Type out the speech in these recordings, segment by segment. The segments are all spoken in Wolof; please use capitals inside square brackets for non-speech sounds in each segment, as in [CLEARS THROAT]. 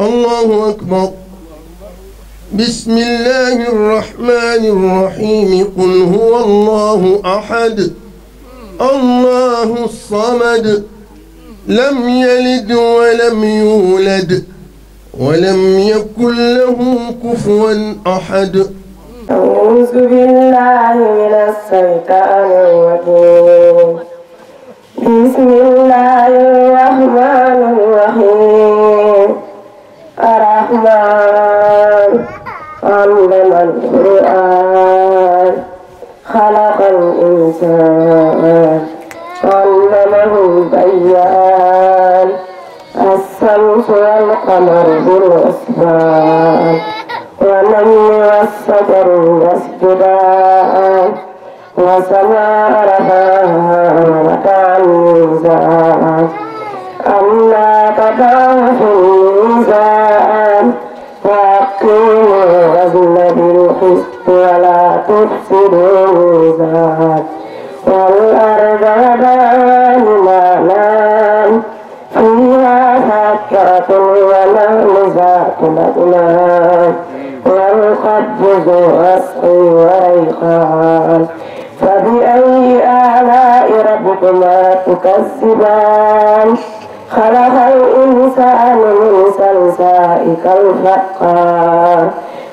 الله أكبر بسم الله الرحمن الرحيم قل هو الله أحد الله الصمد لم يلد ولم يولد ولم يكن له كفوا أحد أعوذ بالله من الشيطان الرجيم بسم الله الرحمن الرحيم الرحمن علم القرآن خلق الإنسان علمه البيان الشمس والقمر بالحسبان والنجم والشجر يسجدان وسماء رفعها ولك الميزان ألا تدعوا بالذي القسط ولا تفسدوا ذات والأرض ما نام فيها حكرة والأرض ذات الأجناب والخب ذو الرأس وريقان فبأي آلاء ربكما تكذبان خلق الإنسان من سلسائك الفقار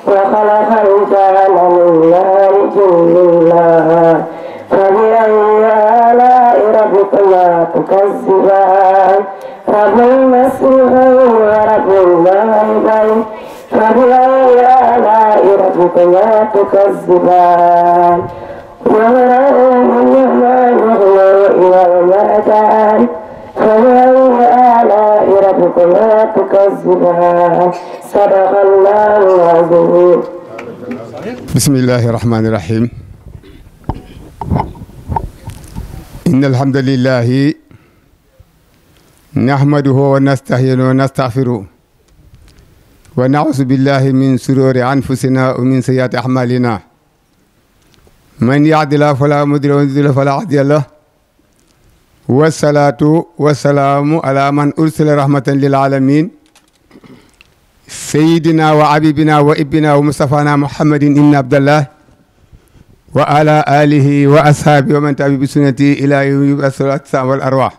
وخلق الإنسان من نار جلها فبأي آلاء ربكما تكذبان رب المسيحين ورب المغربين فبأي آلاء ربكما تكذبان ومرأة من يهمان يغلو إلى المأتان فبأي آلاء ربكما تكذبان صدق الله العظيم بسم الله الرحمن الرحيم إن الحمد لله نحمده ونستهينه ونستغفره ونعوذ بالله من سرور أنفسنا ومن سيئات أعمالنا من يهد الله فلا مضل ومن يضلل فلا هادي له والصلاة والسلام على من أرسل رحمة للعالمين سيدنا وعبيبنا وابنا ومصطفانا محمد بن عبد الله وعلى آله وأصحابه ومن تبع بسنته إلى يوم يبعث الأجسام والأرواح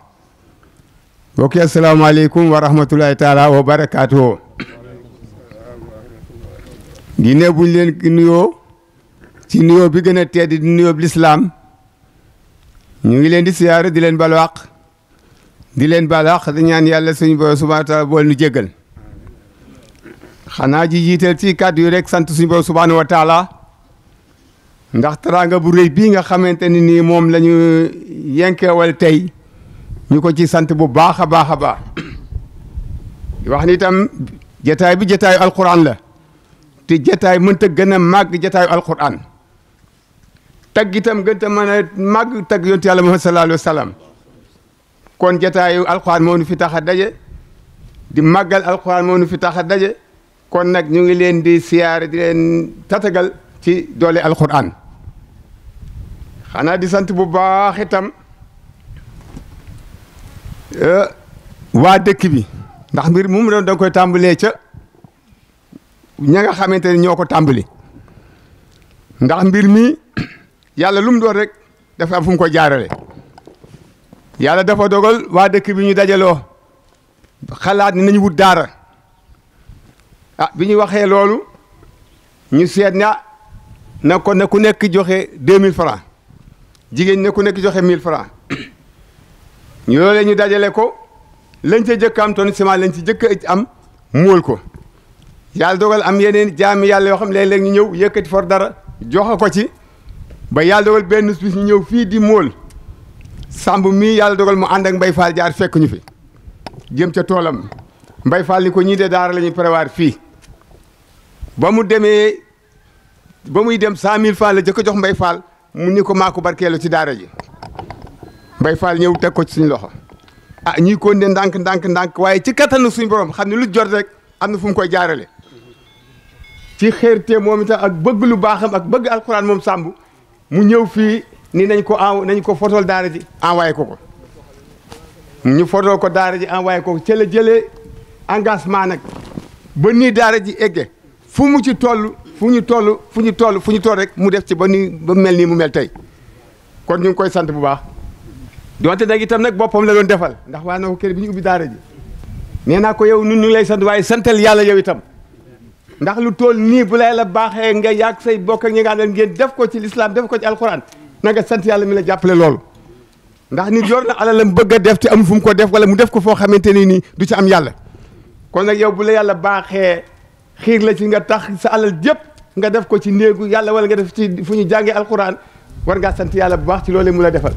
بوكي السلام عليكم ورحمة الله تعالى وبركاته ginnaaw bu ñu leen nuyoo ci nuyoo bi gën a tedd di nuyoo bi lislaam ñu ngi leen di siyaare di leen balwaq di leen balwaq di ñaan yàlla suñu borom subhaanahu wa taala bool nu jéggal xanaa ji jiiteel ci kàddu yi rek sant suñu borom subhaanahu wa ndax teraanga bu rëy bii nga xamante ni nii moom lañu ñu tey ñu ko ci sant bu baax a baax a baax wax ni itam jataay bi jataayu alquran la te jataay mënta gën a màgg jataayu alquran tagg itam gën a mën a màgg tagg yontu yàlla Muhammad sallallahu alayhi kon jataayu alquran moo nu fi tax a daje di màggal alquran moo nu fi tax a daje kon nag ñu ngi leen di siyaare di leen tatagal ci doole alquran xanaa di sant bu baax itam e, waa dëkk bi ndax mbir mu mu doon da koy tàmbalee ca ña nga xamante ne ñoo ko tàmbali ndax mbir mi [CLEARS THROAT] yàlla lum mu doon rek dafa am fu mu ko jaarale yàlla dafa dogal waa dëkk bi ñu dajaloo xalaat ni nañu wut daara ah bi ñu waxee loolu ñu seet na na ko na ku nekk joxe deux mille francs jigéen ne ku nekk joxe mille francs [COUGHS] ñu loolee ñu dajale ko lañ ca jëkk am ton ciment lañ ci jëkk am móol ko yàlla dogal am yeneen jaami yàlla yoo xam léeg-léeg ñu ñëw yëkkati for dara joxe ko ci ba yàlla dogal benn bis ñu ñëw fii di móol sàmb mii yàlla dogal mu ànd ak mbay faal jaar fekk fi jëm ca toolam mbay faal ni ko ñii de daara la ñuy prévoir fii ba mu demee ba muy dem cent mille francs la jëkk jox Mbay Fall mu ni ko maa ko barkeelu ci daara ji Mbay Fall ñëw teg ko ci suñu loxo ah ñuy ko ne ndànk ndànk ndànk waaye ci kattanu suñu borom xam ne lu jot rek am na fu mu koy jaarale ci xeerte moom itam ak bëgg lu baaxam ak bëgg alxuraan moom sàmb mu ñëw fii ni nañ ko en nañ ko fotol daara ji envoyé ko ko ñu fotol ko daara ji envoyé ko ko ca la engagement nag ba nii daara ji egge fu mu ci toll fu ñu toll fu ñu toll fu ñu toll rek mu def ci ba nii ba mel nii mu mel tey kon ñu ngi koy sant bu baax donte nag itam nag boppam la doon defal ndax waa na ko kër bi ñu ubbi daara ji nee naa ko yow nun ñu lay sant waaye santal yàlla yow itam ndax lu tool nii bu la la baaxee nga yàgg say bokk ak ñi nga àndal ngeen def ko ci lislaam def ko ci alxuraan na sant yàlla mi la jàppale loolu ndax ni yor na alalam bëgg a def te amul fu mu ko def wala mu def ko foo xamante ne nii du ci am yàlla kon xiir la ci nga tax sa alal jëpp nga def ko ci néegu yàlla wala nga def ci fu ñu jàngee alquran war nga sant yàlla bu baax ci loolee mu la defal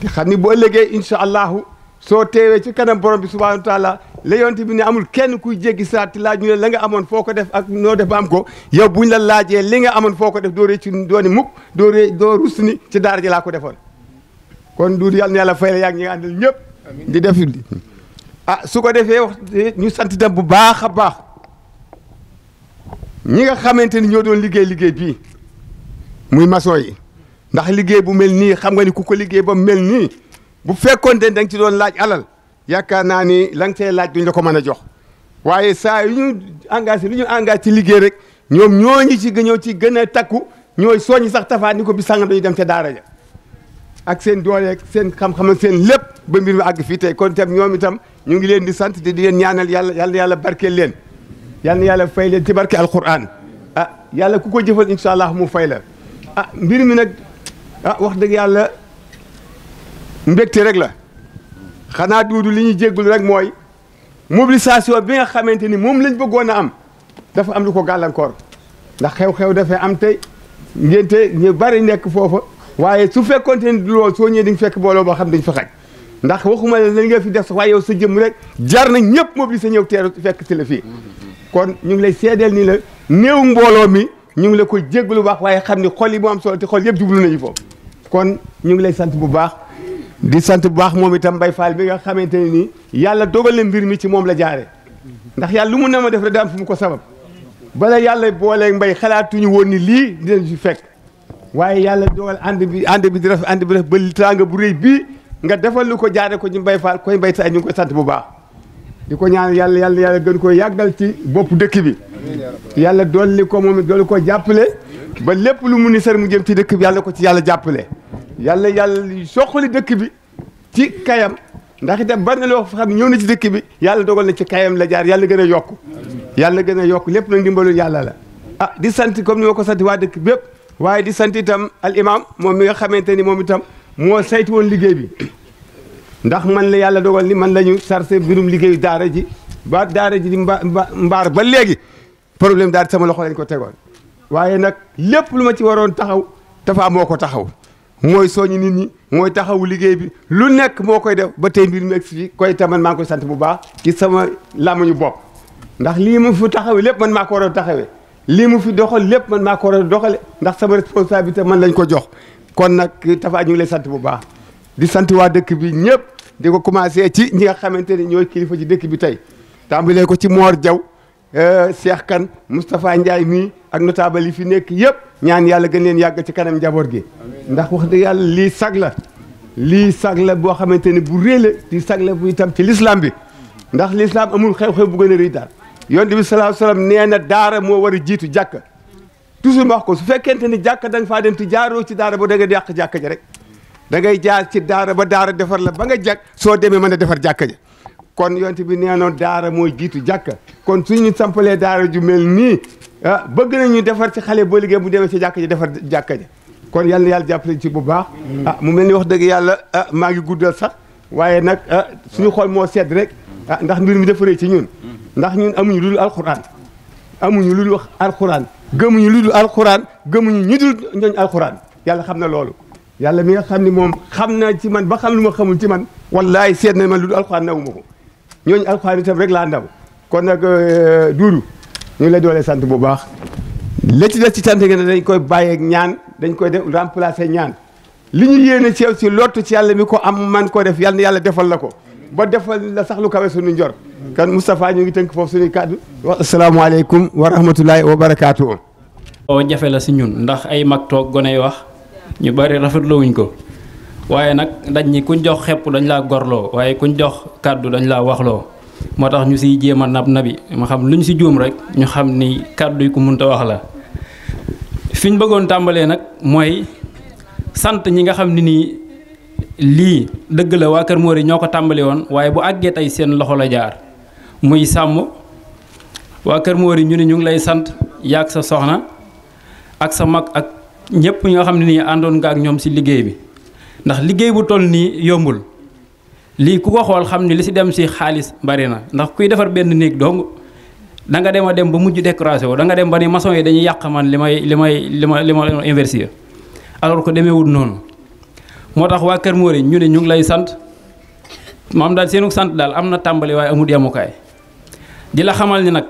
te xam ni boo ëllëgee incha allahu soo teewee ci kanam borom bi subhanahu wa taala la yonte bi ne amul kenn kuy jéggi saati laaj ñu la nga amoon foo ko def ak noo def am ko yow buñ la laajee li nga amoon foo ko def dooree ci doo ni mukk doo rëcc doo rus ni ci daara ji laa ko defoon kon duud yàlla na yàlla fay la yaa ngi ñëpp di def ah su ko defee ñu sant dem bu baax a baax ñi nga xamante ni ñoo doon liggéey liggéey bii muy maçon yi ndax liggéey bu mel nii xam nga ni ku ko liggéey ba mu mel nii bu fekkoon ne da nga ci doon laaj alal yaakaar naa ni la nga laaj duñ la ko mën a jox waaye saa yu ñu engagé lu ñu engagé ci liggéey rek ñoom ñoo ñi ci ñoo ci gën a takku ñooy soññi sax tafaa ni ko bi sàngam dañu dem ca daara ja ak seen dooleeg seen xam-xam ak seen lépp ba mbir mi àgg fii tey kon tam ñoom itam ñu ngi leen di sant te di leen ñaanal yàlla yàlla yàlla barkeel leen يعني يالا فايلة تبارك القرآن أه كوكو جفل إن شاء الله مو فايلة أه مبير منك أه وقت يالا مبكت رجلا خنا دودو ليني جيغل رك موي موبيليساسيو بيغا خامتيني موم لنج بوغونا نعم. ام دا فا ام لوكو غالان كور دا خيو خيو دا فا ام تي نينتي ني باري نيك فوفا waye su fekkonté du lol so ñëw di fekk bolo bo xam dañ fa xaj ndax waxuma la nga fi def waye yow sa jëm rek jar na ñëpp mobilisé ñëw téru fekk kon ñu ngi lay seedeel ni la néew mbooloo mi ñu ngi la ko jéggalu baax waaye xam ni xol yi moo am solo te xol yëpp jublu nañu foofu kon ñu ngi lay sant bu baax di sant bu baax moom itam mbay Fall bi nga xamante ne nii yàlla dogal na mbir mi ci moom la jaare ndax yàlla lu mu ne ma def fu mu ko sabab bala yàlla booleeg mbay xalaatuñu woon ni lii dinañ ci fekk waaye yàlla dogal ànd bi ànd bi di rafet ànd bi rafet ba teraanga bu rëy bi nga defal lu ko jaare ko ci mbay faal koy Mbaye Fall ñu ngi koy sant bu baax di ko ñaan yàlla yàlla yàlla gën ko yàggal ci bopp dëkk bi yàlla dolli ko moom dolli ko jàppale ba lépp lu mun ni sër mu jëm ci dëkk bi yàlla ko ci yàlla jàppale yàlla yàlla soqali dëkk bi ci kayam ndax itam bari na loo xam ñëw na ci dëkk bi yàlla dogal na ci kayam la jaar yàlla gën a yokk yàlla gën a yokk lépp na ndimbalul yàlla la ah di sant comme ni ma ko santi waa dëkk bépp waaye di sant itam al moom mi nga xamante ni moom itam moo saytu woon liggéey bi ndax man la yàlla dogal ni man la ñu sarse mbirum liggéeyu daara ji ba daara ji di mbaar ba léegi problème daal sama loxo lañ ko tegoon waaye nag lépp lu ma ci waroon taxaw Tafa moo ko taxaw mooy sooñu nit ñi mooy taxawu liggéey bi lu nekk moo koy def ba tey mbir mi egsi koy itam man maa ngi sant bu baax ci sama ñu bopp ndax lii mu fi taxawee lépp man maa ko war a taxawee lii mu fi doxal lépp man maa ko war a ndax sama responsabilité man lañ ko jox kon nag Tafa ñu ngi lay sant bu baax di sant waa dëkk bi ñëpp di ko commencé ci ñi nga xamante ni ñooy kilifa ci dëkk bi tey tàmbalee ko ci Mor Diaw euh, Cheikh kan Moustapha Ndiaye mii ak notable yi fi nekk yëpp ñaan yàlla gën leen yàgg ci kanam njaboot gi ndax wax dëgg yàlla lii sagla lii sag boo xamante ni bu rëy di lii bu itam ci l'islam bi ndax l'islam amul xew-xew bu gën a rëy daal yonent bi sallallahu alayhi wasallam nee na daara moo war jiitu jàkka toujours wax ko su fekkente ni jàkka da nga faa jaaroo ci daara ba da yàq jàkka ji rek da ngay jaar ci daara ba daara defar la ba nga jàkk soo demee mën a defar jàkka ja kon yonte bi nee noon daara mooy jiitu jàkka kon su ñu sampalee daara ju mel nii ah, bëgg nañu defar ci xale boo liggéey bu demee ci jàkka ja defar jàkka ja kon yal na yàlla jàppale ci bu baax mm. ah mu mel ni wax dëgg yàlla ah maa ngi guddal sax waaye nag ah, suñu xool moo sedd rek ah, ndax mbir mi dafa ci ñun ndax ñun amuñu lu dul alxuraan amuñu lu dul wax alxuraan gëmuñu lu dul alxuraan gëmuñu ñu yàlla xam na loolu yàlla mi nga xam ni moom xam na ci man ba xam lu ma xamul ci man wallaay seet na man lu alxuraan nawu ma ko ñooñu alxuraan itam rek laa ndaw kon nag euh, duudu ñu ngi lay doole sant bu baax la ci des ci sant ngeen dañ koy bàyyeek ñaan dañ koy def remplacer ñaan li ñuy yéene ci yow si lottu ci yàlla mi ko am man ko def yàlla yàlla defal la ko ba defal la sax lu kawe suñu njor kan Moustapha ñu ngi tënk foofu suñuy kàddu wa asalaamaaleykum wa rahmatulahi wa barakaatu o jafe la si ñun ndax ay mag toog wax ñu bari rafetloowuñ ko waaye nag dañ ñi kuñ jox xepp dañ laa gorloo waaye kuñ jox kàddu dañ laa waxloo moo tax ñu siy jéem a nab nabi ma xam lu ñu si juum rek ñu xam ni kàddu yi ku munta wax la fi ñu bëggoon tàmbalee nag mooy sant ñi nga xam ne nii lii dëgg la waa Kër Mori ñoo ko tàmbali woon waaye bu àggee tey seen loxo la jaar muy sàmm waa Kër Mori ñu ne ñu ngi lay sant yaag sa soxna ak sa mag ak ñëpp ñoo xam ne andon àndoon nga ak ñoom si liggéey bi ndax liggéey bu toll nii yombul lii ku ko xool xam li si dem si xaalis bari na ndax kuy defar benn néeg dong da nga dem a dem ba mujj décoration wu da nga dem ba ni maçon yi dañuy yàq man li may li may li alors que demeewul noonu moo tax Kër Mori ñu ne ñu lay sant mam daal seenu sant dal amna na tàmbali waaye amul yemukaay di la xamal ni nag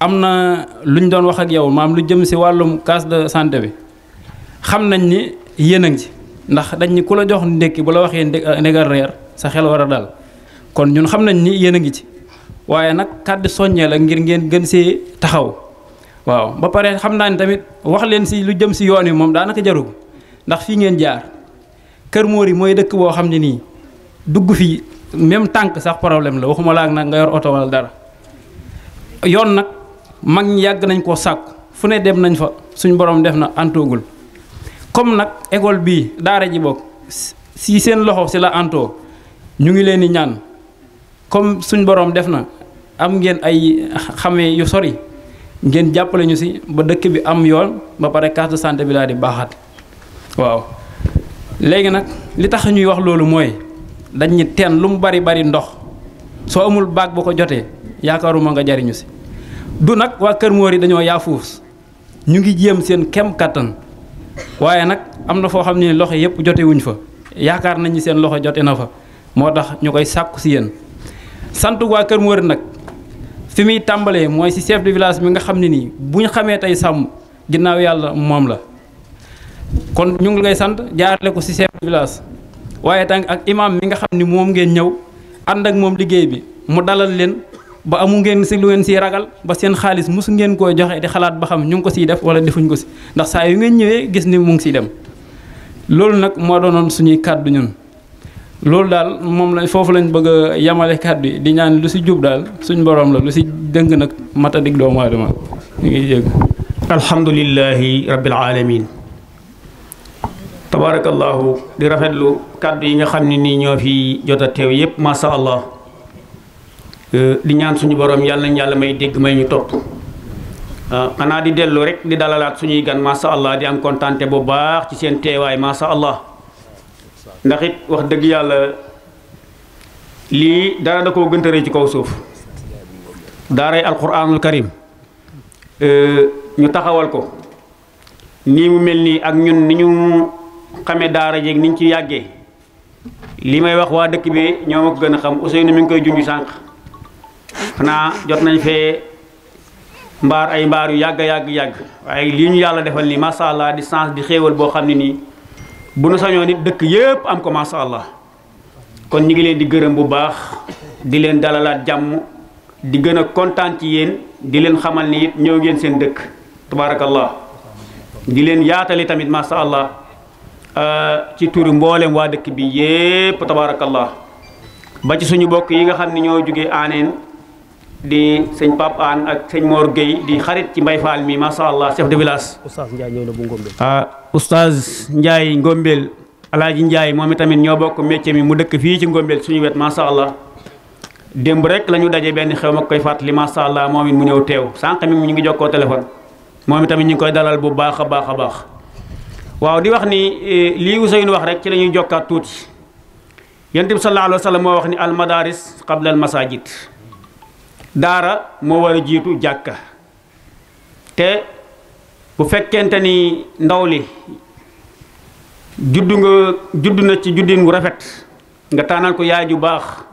am na luñ doon wax ak yow maam lu jëm si wàllum case de santé bi. xam nañ ni yéen a ngi ci ndax dañ ku la jox ndékki bu la waxee ndegal euh, reer sa xel war a dal kon ñun xam nañ ni yéen a ngi ci waaye nag kàdd soññee la ngir ngeen gën see taxaw waaw ba pare xam naa ni tamit wax leen si lu jëm si yoon wi moom daanaka jaru ndax fii ngeen jaar Kër Mori mooy dëkk boo xam ne nii dugg fii même tànk sax problème la waxuma laa nag nga yor oto wala dara yoon nag mag ñi yàgg nañ koo sàkku fu ne dem nañ fa suñ borom def na antoogul comme nag école bii daara ji bokk si seen loxo ci la antoo ñu ngi leen di ñaan comme suñ borom def na am ngeen ay xame yu sori ngeen jàppale ñu si ba dëkk bi am yoon ba pare case de santé bi daal di baaxaat waaw. léegi nag li tax ñuy wax loolu mooy dañuy teen lu mu bari bari ndox soo amul baag bu ko jotee yaakaaruma nga jariñu si du nag waa Kër Mor yi dañoo yaafuus ñu ngi jéem seen kem kattan. waaye nag am na foo xam ne loxo yëpp jote fa yaakaar nañ ni seen loxo jote na fa moo tax ñu koy sàkku si yéen sant waa Kër mu Mor nag fi muy tàmbalee mooy si chef de village mi nga xam ne nii bu ñu xamee tey sàmm ginnaaw yàlla moom la kon ñu ngi lay sant jaarale ko si chef de village waaye tànk ak imam mi nga xam ni moom ngeen ñëw ànd ak moom liggéey bi mu dalal leen ba amu ngeen si lu ngeen ragal ba seen xaalis musu ngeen koo joxe di xalaat ba xam ñu ngi ko siy def wala defuñ ko si ndax saa yu ngeen ñëwee gis ni mu ngi siy dem loolu nag moo doonoon suñuy kàddu ñun loolu daal moom la foofu lañ bëgg a yamale kàddu yi di ñaan lu si jub daal suñ borom la lu si dëng nag matadik doomu aadama ñu ngi jégg alhamdulillahi rabbil alamin tabarakallahu di rafetlu kàddu yi nga xam ne nii ñoo fi jot a teew allah Euh, di ñaan suñu borom yàlla nañ yàlla may dégg may ñu topp ah, xanaa di dellu rek di dalalaat suñuy gan macha allah di am kontante bu baax ci seen teewaay macha allah ndax it wax dëgg yàlla lii dara da koo gëntëree ci kaw suuf daaray alquranul karim euh, ñu taxawal ko nii mu mel nii ak ñun ni ñu xamee daara jeeg niñ ñu ci yàggee li may wax waa dëkk bi ñoo ma ko gën a xam Ousseynou mu ngi koy junj sànq. xanaa jot nañ fee mbaar ay mbaar yu yàgg yàgg yàgg waaye lii ñu yàlla defal nii macha allah di chance di xéewal boo xam ne nii bu nu sañoo nit dëkk yépp am ko macha kon ñu ngi leen di gërëm bu baax di leen dalalaat jàmm di gën a kontaan ci yéen di leen xamal ni ñëw ngeen seen dëkk tabaarakallah di leen yaatali tamit macha allah euh, ci turu mboolem waa dëkk bi yépp tabaarakallah ba ci suñu bokk yi nga xam ne ñoo jugee aaneen di sëñ Pape ak sëñ moor Gueye di xarit ci mbay Fall mi macha allah chef de village. oustaz Ndiaye ñëw na bu Ngombeel. ah oustaz Ndiaye Ngombeel alaaji Ndiaye moom itamit ñoo bokk métier mi mu dëkk fii ci Ngombeel suñu wet macha allah démb rek la daje benn xew ma koy fàttali macha allah moom it mu ñëw teew sànq mi ñu ngi jokkoo téléphone moom tamit ñu ngi koy dalal bu baax a baax a baax waaw di wax ni e, lii Ousseynou wax rek ci lañuy ñuy jokkaat tuuti yonent bi sallallahu alayhi moo wax ni al madaris qabla al masajid daara moo war a jiitu jàkka te bu fekkente ni ndaw li juddu nga juddu na ci juddin wu rafet nga tànnal ko yaay ju baax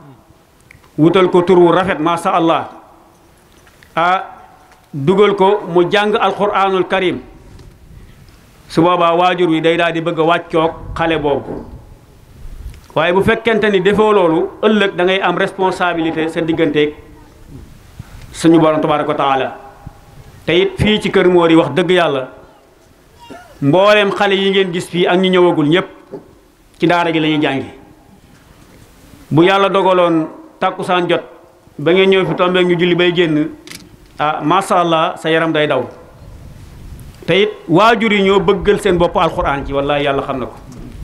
wutal ko tur wu rafet masha allah a dugal ko mu jàng alquranul karim su boobaa waajur wi day daal di bëgg a wàccoog xale boobu waaye bu fekkente ni defoo loolu ëllëg da ngay am responsabilité sa digganteeg suñu borom tabaraka taala te it fii ci kër Mori wax dëgg yàlla mbooleem xale yi ngeen gis fii ak ñu ñëwagul ñëpp ci daara ji la ñuy jàngi bu yàlla dogaloon tàkkusaan jot ba ngeen ñëw fi tombeeg ñu julli bay génn ah masha allah sa yaram day daw te it waajur yi ñoo bëggal seen bopp alxuraan ci wallahi yàlla xam na ko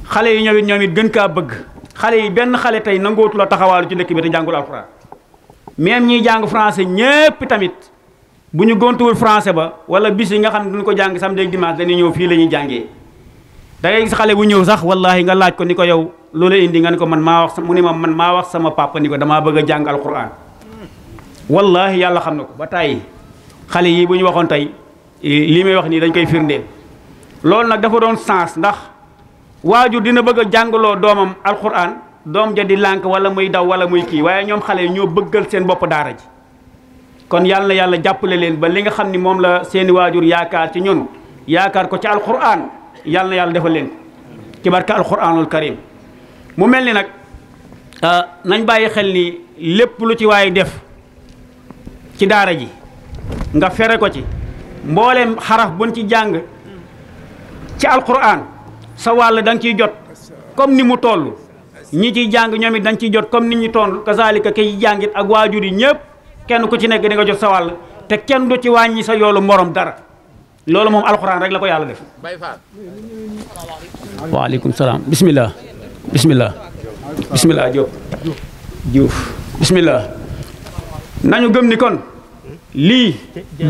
xale yi ñoom it ñoom it gën kaa bëgg xale yi benn xale tey nangootu la taxawaalu ci dëkk bi te jàngul alxuraan même ñiy jàng français ñépp tamit bu ñu gontuwul français ba wala bis yi nga xam ne duñu ko jàng samedi ak dimanche dañuy ñëw fii la ñuy jàngee da ngay gis xale bu ñëw sax wallaahi nga laaj ko ni ko yow loola indi nga ne ko man maa wax mu ne ma man maa wax sama papa ni ko damaa bëgg a jàng alquran wallaahi yàlla xam na ko ba tàyyi xale yii bu ñu waxoon tey lii may wax nii dañ koy firndeel loolu nag dafa doon sens ndax waajur dina bëgg a jàngaloo doomam alquran doom ja di lànk wala muy daw wala muy kii waaye ñoom xale yi ñoo bëggal seen bopp daara ji kon yàlla na yàlla jàppale leen ba li nga xam ni moom la seeni waajur yaakaar ci ñun yaakaar ko ci alquran yàlla yàlla defal leen ci barke alquranul karim mu mel ni nag ah, nañ bàyyi xel ni lépp lu ci waaye def ci daara ji nga fere ko ci mbooleem xaraf buñ ci jàng ci alquran sa wàll danga nga ciy jot comme ni mu toll ñi ciy jàng ñoom it dañ ciy jot comme nit ñi toon kazalika kiy jàngit ak waajur yi kenn ku ci nekk di nga jot sa wàll te kenn du ci wàññi sa yoolu morom dara loolu moom alxuraan rek la ko yàlla def waaleykum salaam bismillah bismillah bismillah Diop Diouf bismillah nañu gëm ni kon li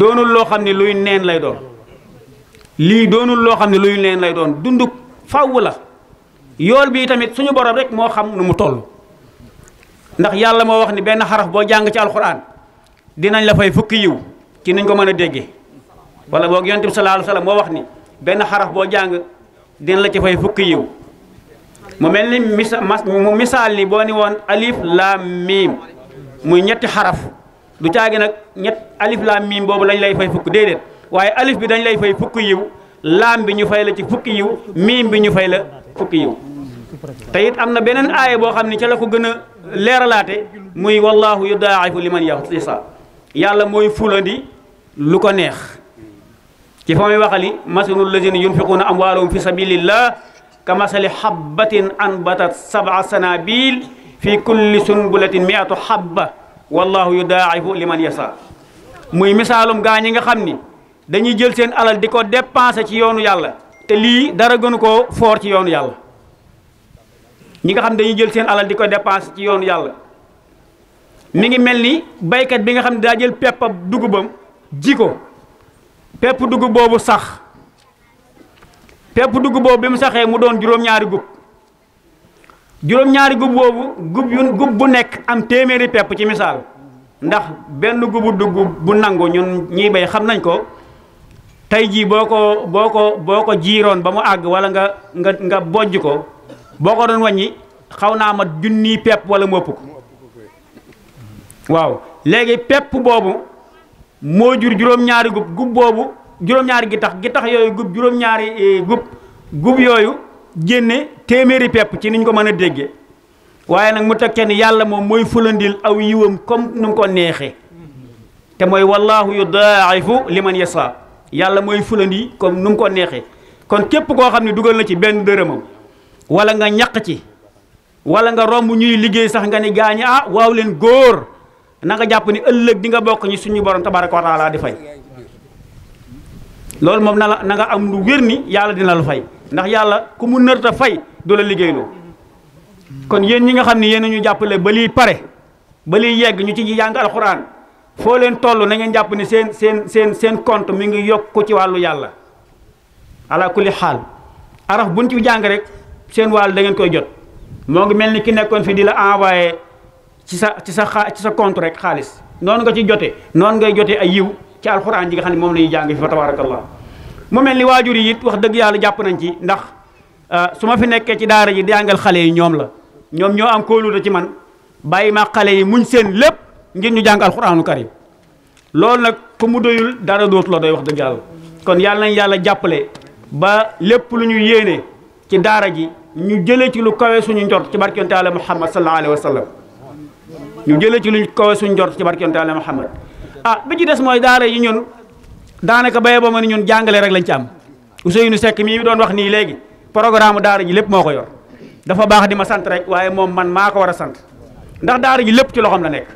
donul lo xam ne luy neen lay doon lii doonul loo luy neen lay doon dunduk fàww yool bii tamit suñu borom rek moo xam nu mu toll ndax yàlla moo wax ni benn xaraf boo jàng ci alxuraan dinañ la fay fukki yiw ci niñ ko mën a déggee boo boog yonent bi sallallahu moo wax ni benn xaraf boo jàng dina la ci fay fukki yiw mu mel ni misa mu misaal ni boo ni woon alif laam miim muy ñetti xaraf du caagi nag ñett alif laam miim boobu lañ lay fay fukk déedéet waaye alif bi dañ lay fay fukki yiw laam bi ñu fay la ci fukki yiw miim bi ñu fay fukki yiw te it am na beneen aaya boo xam ne ca la ko gën a leeralaate muy wallahu yudaa'ifu liman yaxtisa yàlla mooy fulandi lu ko neex ci fa muy waxali masalul lazina yunfiquuna amwaalahum fi sabilillah ka masali xabbatin anbatat sab'a sanabil fi kulli sunbulatin mi'atu xabba wallahu yudaa'ifu liman yasa muy misaalum gaa ñi nga xam ni dañuy jël seen alal di ko dépensé ci yoonu yàlla te lii dara gënu koo foor ci yoonu yàlla ñi nga xam dañuy jël seen alal di ko dépense ci yoonu yàlla mi ngi mel ni baykat bi nga xam ne daa jël pepp dugubam ji ko dugub boobu sax pepp dugub boobu bi mu mu doon juróom-ñaari gub ñaari gub gub yu gub bu am temeri pepp ci misaal ndax benn gubu dugub bu nangu ñun ñiy bay xam nañ ko tay ji boko boko boko jiron bamu mu ag wala nga nga nga bojj ko boko don wañi xawna ma junni pep wala mop wow waaw legi pep bobu mo jur juroom ñaari gub gub bobu juroom ñaari gi tax gi tax yoyu gub juroom ñaari eh, gub gub yoyu génne téméri pep ci niñ ko mëna déggé waye nak mu tekken yalla mom moy fulandil aw yiwam comme num ko nexé té moy wallahu yudha'ifu liman yasha yàlla mooy fulandi comme nu mu ko neexee kon képp koo xam ne dugal na ci benn dërëmam walla nga ñaq ci wala nga romb ñuy liggéey sax nga ne gaañi ah waaw leen góor na nga jàpp ni ëllëg di nga bokk ñi suñu borom tabaraka wa taala di fay loolu moom na la na nga lu wér yàlla dina la fay ndax yàlla ku mu nërta fay du la liggéeyloo kon yéen ñi nga xam ne yéen ñu jàppale ba pare ba lii yegg ñu ci jàng alxuraan foo leen toll nangeen jàpp ni seen seen seen seen compte mi ngi yokk ci wàllu yàlla ala kulli xaal araf buñ ci jàng rek seen wàll da ngeen koy jot moo ngi mel ni ki nekkoon fi di la envoyé ci sa ci sa ci sa compte rek xaalis noonu nga ci jote noonu ngay jotee ay yiw ci alxuraan ji nga xam ne moom la ñuy jàng fi fa tabarakallah mu mel ni waajur yi it wax dëgg yàlla jàpp nañ ci ndax euh, su ma fi nekkee ci daara ji jàngal xale yi ñoom la ñoom ñoo am kóolute ci man bàyyi ma xale yi muñ seen lépp ngir ñu jàng alxuraanu karim loolu nag ku mu doyul dara dootu la wax dëgg yàlla kon yàlla nañ yàlla jàppale ba lépp lu ñuy yéene ci daara ji ñu jëlee ci lu kawe suñu njort ci barke yonent Yàlla Muhammad sallallahu alayhi wa sallam ñu jëlee ci lu kawe suñu njort ci barke yonent Yàlla Muhammad ah bi ci des mooy daara yi ñun daanaka baye ba ma ne ñun jàngale rek la lañ ci am Ousseynou Seck mii doon wax nii léegi programme daara ji lépp moo ko yor dafa baax di ma sant rek moom man maa ko war a sant ndax daara ji lépp ci loxoom la nekk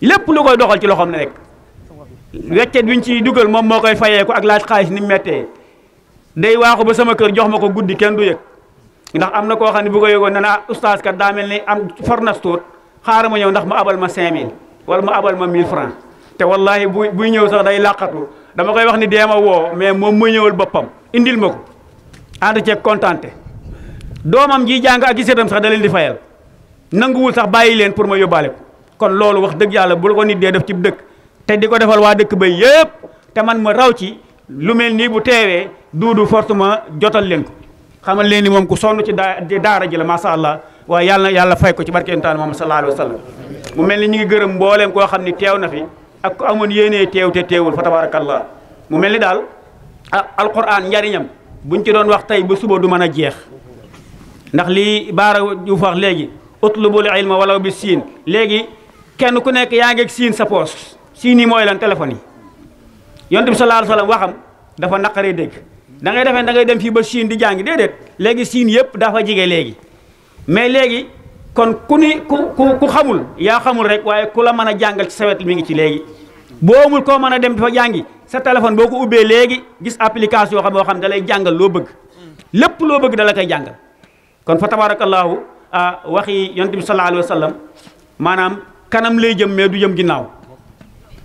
lépp lu koy doxal ci loxoom ne rek weccet bi ñu ciy dugal moom moo koy fayee ko ak laaj xaalis ni mettee day waaxu ba sama kër jox ma ko guddi kenn du yëg ndax am na koo xam ne bu ko yëgoon ne naa oustaz kat daa mel ni am fornas tuut xaaral ma ñëw ndax ma abal ma 5000 wala ma abal ma 1000 francs te wallahi bu buy ñëw sax day làqatu dama koy wax ni deema woo mais moom mu ñëwal boppam indil ma ko ànd ceeg kontaante doomam ji jàng ak gisetam sax dale leen di fayal nanguwul sax bàyyi leen pour ma yóbbaale kon loolu wax dëgg yàlla bu la ko nit dee def ci bu dëkk te di ko defal waa dëkk ba yépp te man ma raw ci lu mel nii bu teewee duudu fortement jotal leen ko xamal leen ni moom ku sonn ci daa daara ji la macha allah waaye yàlla yàlla fay ko ci barke intaan moom sallallahu alayhi wa mu mel ni ñu ngi gërëm mbooleem koo xam ni teew na fi ak ku amoon yéenee teew te teewul fa tabarakallah mu mel ni daal ah alquran njariñam buñ ci doon wax tey ba suba du mën a jeex ndax lii baara ju wax léegi utlubul ilma walaw bi léegi kenn ku nekk yaa ngi ak siin sa poos siin yi mooy lan téléphone yi sa bi sallallahu alayhi wasallam waxam dafa naqaree dégg dangay ngay defee da ngay dem fii ba siin di jàngi déedéet léegi siin yëpp dafa jige léegi mais léegi kon ku ni ku ku xamul yaa xamul rek waaye ku la mën a jàngal ci sa wet mi ngi ci léegi boo koo mën a dem dafa jàngi sa téléphone boo ko ubbee léegi gis application xam boo xam da lay jàngal loo bëgg lépp loo bëgg dala la koy jàngal kon fa tabaarakallaahu ah, waxi yonent bi sallallahu alayhi kanam lay jëm mais du jëm ginnaaw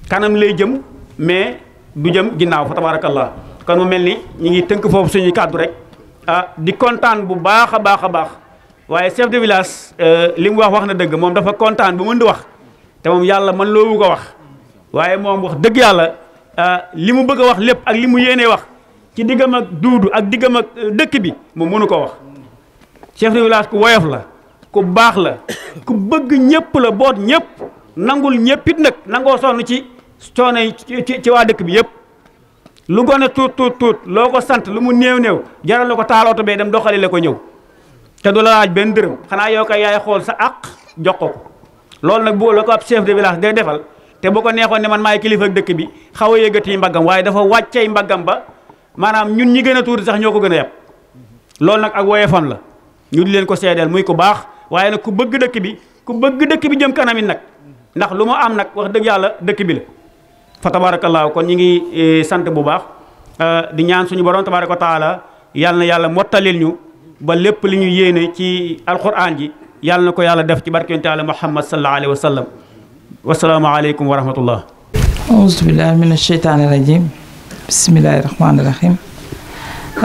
kanam lay jëm mais du jëm ginnaaw fa tabarakallah kon mu mel ni ñu ngi tënk foofu suñuy kàddu rek ah di kontaan bu baax a baax a baax waaye chef de village euh, li mu wax wax na dëgg moom dafa kontaan bu mën di wax te moom yàlla man loowu ko wax waaye moom wax dëgg yàlla ah, li mu bëgg a wax lépp ak li mu yéenee wax ci diggam ak duudu ak diggam ak euh, dëkk bi moom mënu ko wax chef de village ku woyof la ku baax la ku bëgg ñëpp la boot ñëpp nangul ñëppit nag nangoo sonn ci coono yi ci waa dëkk bi yëpp lu gone tuut tuut tuut loo ko sant lu mu néew néew jaral na ko taalooto bee dem doxali ko ñëw te du la laaj benn dërëm xanaa yow kay yaay xool sa àq jox ko ko loolu nag boo la ko ab chef de village day defal te boo ko neexoon ne man maay kilifa dëkk bi xaw a yëgati mbaggam waaye dafa wàccey mbaggam ba maanaam ñun ñi gën a tuuti sax ñoo ko gën a yab loolu nag ak la ñu leen ko seedeel muy ko baax waaye nag ku bëgg dëkk bi ku bëgg dëkk bi jëm kanamit nag ndax lu ma am nag wax dëgg yàlla dëkk bi la fa tabaarakallaahu kon ñu ngi e, sant bu baax e, di ñaan suñu borom tabaaraka wa taala yàlla na yàlla mottalil ñu ba lépp li ñu yéene ci alquran ji yàlla na ko yàlla def ci barke yonent yàlla muhammad sallallahu alayhi wa aleykum wa rahmatullah auzu billahi min asheytaani rajim bismillahi rahmaani rahim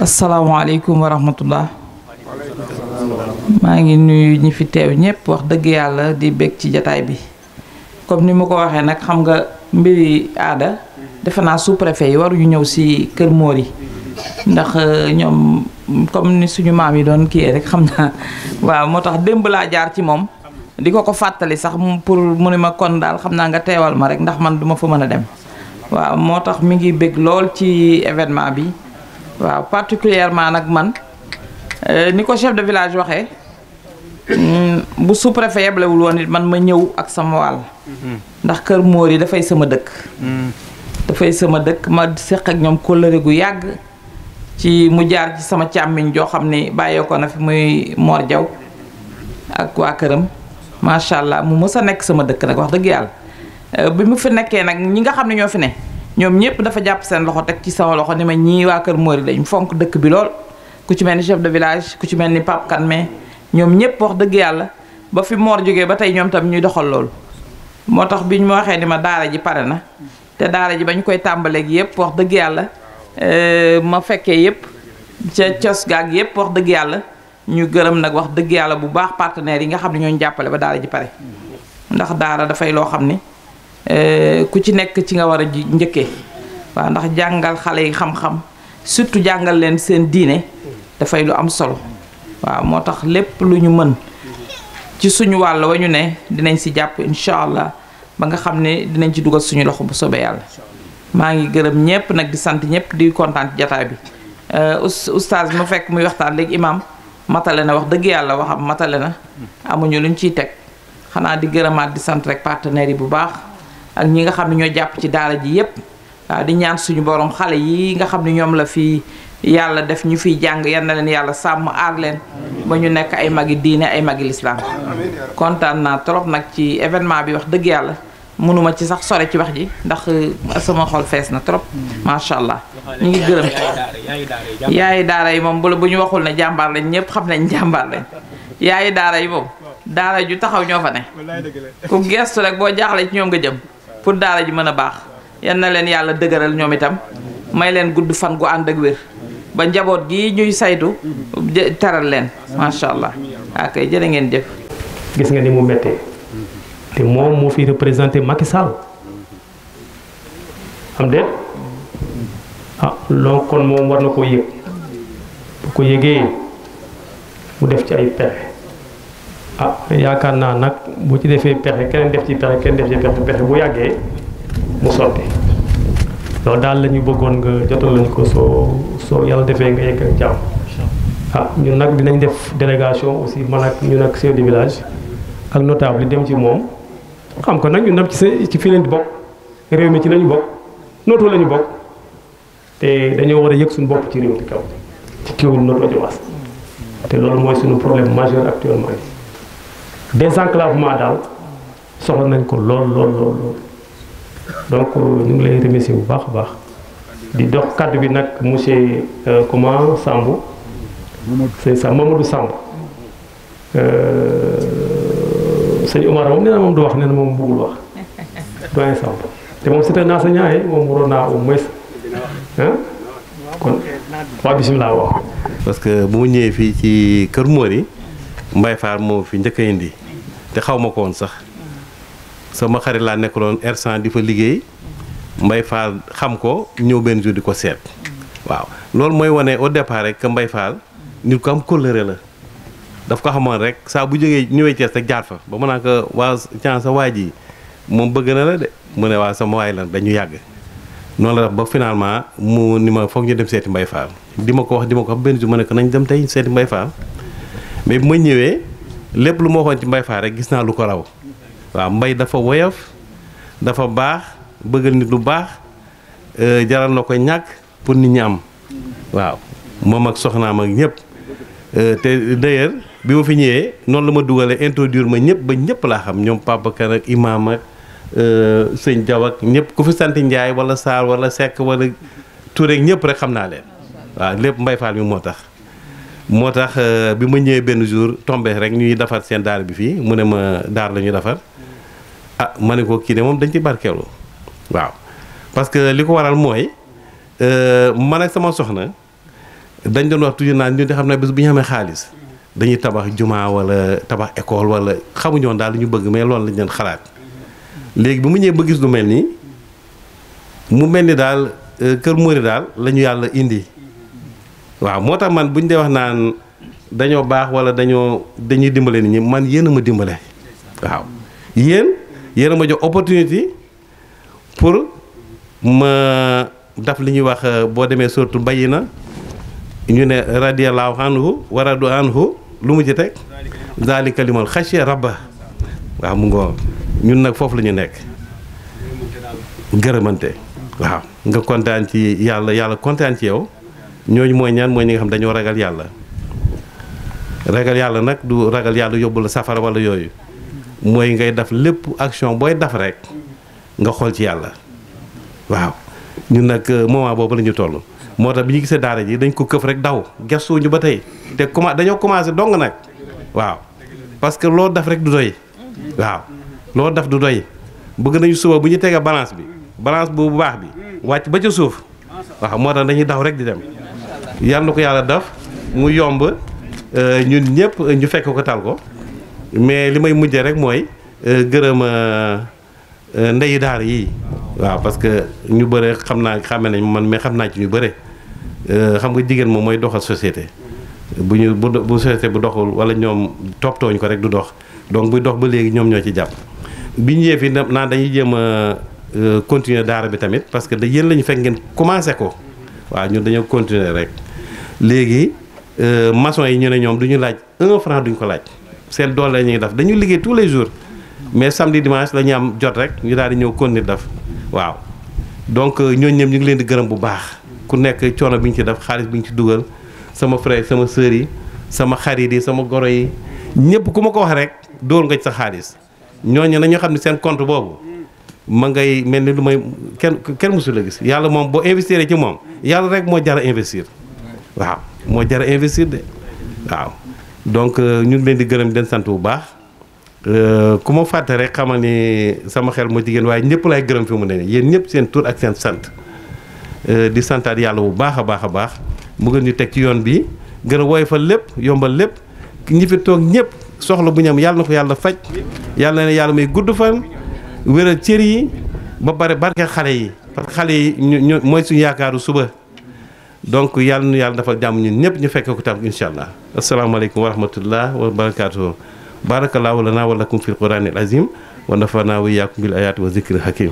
asalaamaaleykum wa rahmatullah maa ngi nuyu ñi fi teew ñépp wax dëgg yàlla di bég ci jataay bi comme ni ma ko waxee nag xam nga mbiri aada defe naa sous préfet yi waruñu ñëw si kër móor yi ndax euh, ñoom comme ni suñu maam yi doon kiyee rek xam naa waaw moo tax démb laa jaar ci moom di ko ko fàttali sax pour mu ne ma kon daal xam naa nga teewal ma rek ndax man duma fa mën a dem waaw moo tax mi ngi bég lool ci événement bi waaw particulièrement nag man Euh, ni ko chef de village waxee mm, bu sous-préfet yeblewul woon it man ma ñëw ak sama wàll mhm. ndax Kër moor yi dafay sama dëkk mhm. dafay sama dëkk ma seq ak ñoom kóllëre gu yàgg ci mu jaar ci sama càmmiñ joo xam ni bàyyee na fi muy Mor Jaw ak waa këram macha allah mu mës a nekk sama dëkk nag wax dëgg yàlla euh, bi mu fi nekkee nag ñi nga xam ne ñoo fi ne ñoom ñëpp dafa jàpp seen loxo teg ci sama loxo ni ma ñii waa Kër Mor yi dañu fonk dëkk bi lool ku ci mel ni chef de village ku ci mel ni Pape Kanme ñoom ñëpp wax dëgg yàlla ba fi moor jógee ba tey tam ñuy doxal ma ni ma daara ji pare na te daara ji ba ñu koy tàmbaleeg yépp wax dëgg yàlla euh, ma fekkee yépp ca cos gaag yépp wax dëgg yàlla ñu gërëm nag wax bu baax partenaires yi nga xam ne ñooñu ba daara ji pare ndax daara dafay loo xam ni euh, ku ci nekk ci nga war a njëkkee waaw ndax jangal xale yi xam-xam surtout jàngal leen seen dafay lu am solo waaw moo tax lépp lu ñu mën ci suñu wàll wa ñu ne dinañ si jàpp incha allah ba nga xam ne dinañ ci dugal suñu loxo bu sobee yàlla maa ngi gërëm ñëpp nag di sant ñëpp di kontaan ci jataay bi oustaz euh, bi ma fekk muy waxtaan léegi imam matale na wax dëgg yàlla waxam matale na amuñu luñ ciy teg xanaa di gërëmaat di sant rek partenaires yi bu baax ak ñi nga xam ne ñoo jàpp ci daara ji yépp waaw di ñaan suñu borom xale yi nga xam ne ñoom la fii yalla def ñu fiy jàng yal na leen yàlla sàmm aar ba ñu nekk ay magi diine ay magi lislaam kontaan na trop nag ci événement bi wax dëgg yàlla mënuma ci sax sore ci wax ji ndax euh, sama xol fees na trop macha allah ñu ngi gërëm yaayi daara yi moom bu la bu ñu waxul ne jàmbaar lañ ñëpp xam nañ jàmbaar lañ yaayi daara yi moom daara ju taxaw ñoo fa ne ku gestu rek boo jaaxle ci ñoom nga jëm pour daara ji mën a baax yal na leen yàlla itam may leen gudd fan gu ànd ak wér ba njaboot gi ñuy saytu taral leen macha allah ak ah, jërë ngeen jëf gis nga ni mu méttee te moom moo fi représenté Macky Sall am déet ah loolu kon moom war na koo yëg bu ko yëgee mu def ci ay pexe ah yaakaar na nak bu ci defee pexe keneen def ci pexe keneen def ci pexe pexe bu yàggee mu sotti loolu daal la bëggoon nga jotal lañu ko soo soo yàlla defee nga yegg ak jàmm ah ñun nag dinañ def délégation aussi man ak ñun ak chef de village ak notable yi dem ci moom xam ko nag ñun nag ci ci fii bokk réew mi ci lañu bokk nootoo lañu bokk te dañoo war a yëg suñu bopp ci réew mi kaw ci kéwul nootoo Diobass te loolu mooy suñu problème majeur actuellement désenclavement daal soxla nañ ko lool lool lool donc euh, ñu ngi lay remercier bu baax a baax di dox kàddu bi nag monsieur euh, comment Samb c'est ça Mamadou Samb euh, sëñ Omar moom nee na moom du wax nee na moom bëggul wax doyen Samb te moom c'est un enseignant yi moom waroon naa au moins ah kon waa bisimilah wax parce que bu ma ñëwee fii ci Kër yi Mbaye Fall moo fi njëkk a indi te xaw ma ko woon sax sama xarit laa nekkaloon R100 di fa liggéey mbay Fall xam ko ñëw benn jour di ko seet waaw loolu mooy wane au départ rek que Mbaye Fall nit ko am kóllëre la daf ko xamoon rek saa bu jógee ñëwee Thiès te jaar fa ba mu naa ko waa Thiès sa waa ji moom bëgg na la de mu ne waa sama waay lan dañu yàgg noonu la def ba finalement mu ni ma foog ñu dem seeti mbay Fall di ma ko wax di ma ko wax benn jour ma ne ko nañ dem tey seeti mbay Fall mais bu ma ñëwee lépp lu ma waxoon ci Mbaye rek gis naa lu ko raw waa mbay dafa woyof dafa baax bëggal nit lu baax euh, jaral na ko ñàkk pour nit ñi am waaw moom ak soxnaam ak ñëpp euh, te d'ailleurs bi ma fi ñëwee noonu la ma dugalee introduire ma ñëpp ba ñëpp laa xam ñoom Pabacar ak imaam ak euh, sëñ Jaw ak ñëpp ku fi santi Njaay wala Saar wala Seck wala Touré ñëpp rek xam naa leen waaw lépp Mbay Faal mi moo tax moo tax euh, bi ma ñëwee benn jour tombé rek ñuy defar seen daar bi fii mu ne ma daar la ñuy defar ah ma ne ko kii de moom dañu ci barkeelu waaw parce que li ko waral mooy euh, man ak sama soxna dañ doon wax toujours naan ñu di xam ne bés bu ñu amee xaalis dañuy tabax jumaa wala tabax école wala xamuñoon daal lu ñu bëgg mais loolu lañ leen xalaat léegi bi mu ñëwee ba gis lu mel nii mu mel ni daal euh, kër Mori daal lañu yàlla indi. waaw moo tax man bu ñu dee wax naan dañoo baax wala dañoo dañuy dimbale ni ñi man yéen a ma dimbale waaw yéen yéen a opportunité pour ma daf li ñuy wax euh, boo demee surtout bayi na ñu ne radiyallahu anhu wa radu anhu lu mu ci teg zalika liman xashiya rabba waaw mu ngoo ñun nag foofu la ñu nekk gërëmante waaw nga kontaan ci yàlla yàlla kontaan ci yow ñooñu mooy ñaan mooy ñi nga xam dañoo ragal yàlla ragal yàlla nag du ragal yàlla yóbbu la safara wala yooyu mooy ngay def lépp action booy daf rek nga xool ci yàlla waaw ñun nag euh, moment boobu la ñu toll moo tax bi ñu gisee daara ji dañ ko këf rek daw gëstu ñu ba tey te comment dañoo commencé dong nag waaw parce que loo def rek du doy waaw loo def du doy bëgg nañu suba bu ñu tegee balance bi balance bu baax bi wàcc ba ca suuf waaw moo tax dañuy daw rek di dem yàlla na ko yàlla def mu yomb euh, ñun ñëpp ñu fekk ko taal ko mais li may mujjee rek mooy euh, gërëm euh, ndeyu daar yi waaw parce que ñu bëre xam naa xàmme nañ man mais xam naa ci ñu bëre xam nga jigéen moom mooy doxal société bu ñu bu bu société bu doxul wala ñoom topptooñ ko rek du dox donc buy dox ba léegi ñoom ñoo ci jàpp bi ñu fi naan dañuy jéem a continuer daara bi tamit parce que da yéen la fekk ngeen commencé ko waaw ñun dañoo continuer rek léegi euh, maçon yi ñu ne ñoom du ñu laaj un franc duñ ko laaj seen doole la ñuy def dañuy liggéey tous les jours mais samedi dimanche la ñu am jot rek ñu daal di ñëw kon nit def waaw donc euh, ñooñu ñëpp ñu ngi leen di gërëm bu baax ku nekk coono bi ñu ci def xaalis bi ñu ci dugal sama frère sama sœur yi sama xarit yi sama goro yi ñëpp ku ma ko wax rek dóor nga ci sa xaalis ñooñu nañu xam ne seen compte boobu ma ngay mel ni lu may kenn kenn mësu la gis yàlla moom boo investir ci moom yàlla rek moo jar a investir waaw moo jar a investir de waaw donc euh, ñu ngi leen di gërëm den sant bu baax euh, ku ma fàtte rek xamal ni sama xel moo jigéen waaye ñëpp laay gërëm fi mu ne nii yéen ñëpp seen tur ak seen sant euh, di santaat yàlla bu baax a baax a baax mu gën ñu teg ci yoon bi gën a woy fa lépp yombal lépp ñi fi toog ñëpp soxla bu ñam yàlla na ko yàlla faj yàlla na yàlla may gudd fan wéral cër yi ba pare barke xale yi parce que xale yi mooy suñu yaakaaru suba. donc yàlla nu yàlla dafa jàmm ñun ñëpp ñu fekk ko tam incha allah asalaamaaleykum wa rahmatullah wa barakatuhu barakallahu lana wa lakum fil qur'ani al azim wa nafana wa iyyakum bil ayati wa zikril hakim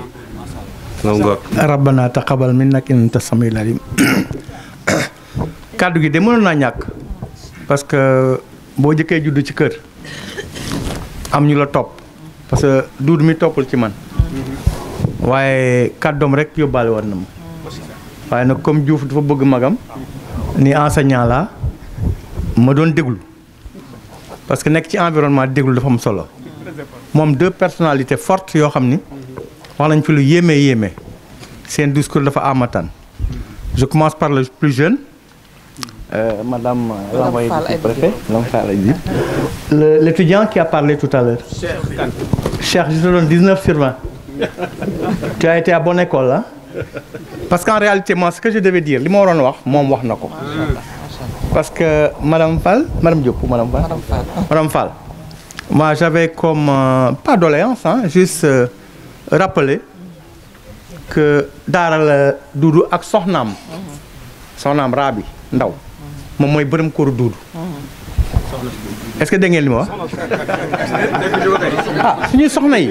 rabbana taqabbal minna innaka samiul alim kàddu gi de mënoon ñàkk parce que boo jëkkee judd ci kër am ñu la topp parce que duud mi toppul ci man mm-hmm. waaye kàddoom rek yóbbaale war na ma waaye nag comme Diouf dafa bëgg magam ni enseignant la ma doon déglu parce que nek ci environnement déglu dafa am solo mom deux personnalités fortes yo xamni wax lañ fi lu yémé yémé sen discours dafa amatan je commence par le plus jeune Euh, Madame euh, l'envoyé du préfet, l'étudiant qui a parlé tout à l'heure. Cher, je te donne 19 sur 20. [LAUGHS] tu as été à bonne école, hein parce qu'en réalité moi ce que je devais dire c'est ma waroon wax moom parce que madame Fall madame Diop madame Fall. madame Fall moi j'avais comme euh, pas doléance hein, juste euh, rappeler que daara la dudu ak nom. Mhm. soxnaam rabi je ndaw moom mooy Doudou. Mhm. est-ce que dégg ngeen li ma wax ah suñuy soxna yi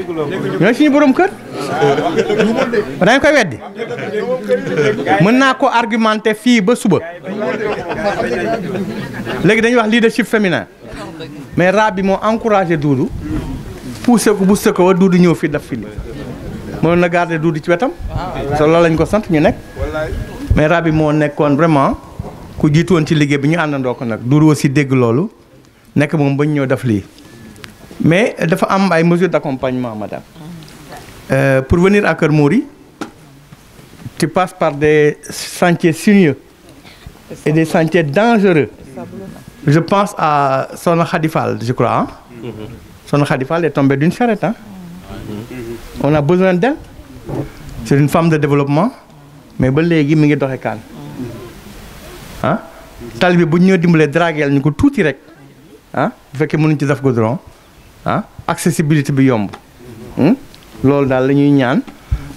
ñooy suñu borom kër dañ koy weddi mën naa ko argumenter fii ba suba léegi dañuy wax leadership féminin mais rab bi moo encouragé Doudou poussé ko boosté ko ba Doudou ñëw fii daf fi li na garder duudu ci wetam so loolu lañ ko sant ñu nekk mais rab bi moo nekkoon vraiment ku jiitoon ci liggéey bi ñu àndandoo ko nag Doudou si dégg loolu Mais il bañ a def mais dafa am ay mesures d'accompagnement madame mm-hmm. euh, pour venir à Kermoury, tu passes par des sentiers sinueux et des sentiers dangereux je pense à son Khadifal, je crois hein. mm-hmm. Son Khadifal est tombée d'une charrette hein. mm-hmm. on a besoin d'elle c'est une femme de développement mais ba légui mi ngi elle est ah tali bu ñu draguel avec ah? ci accessibilité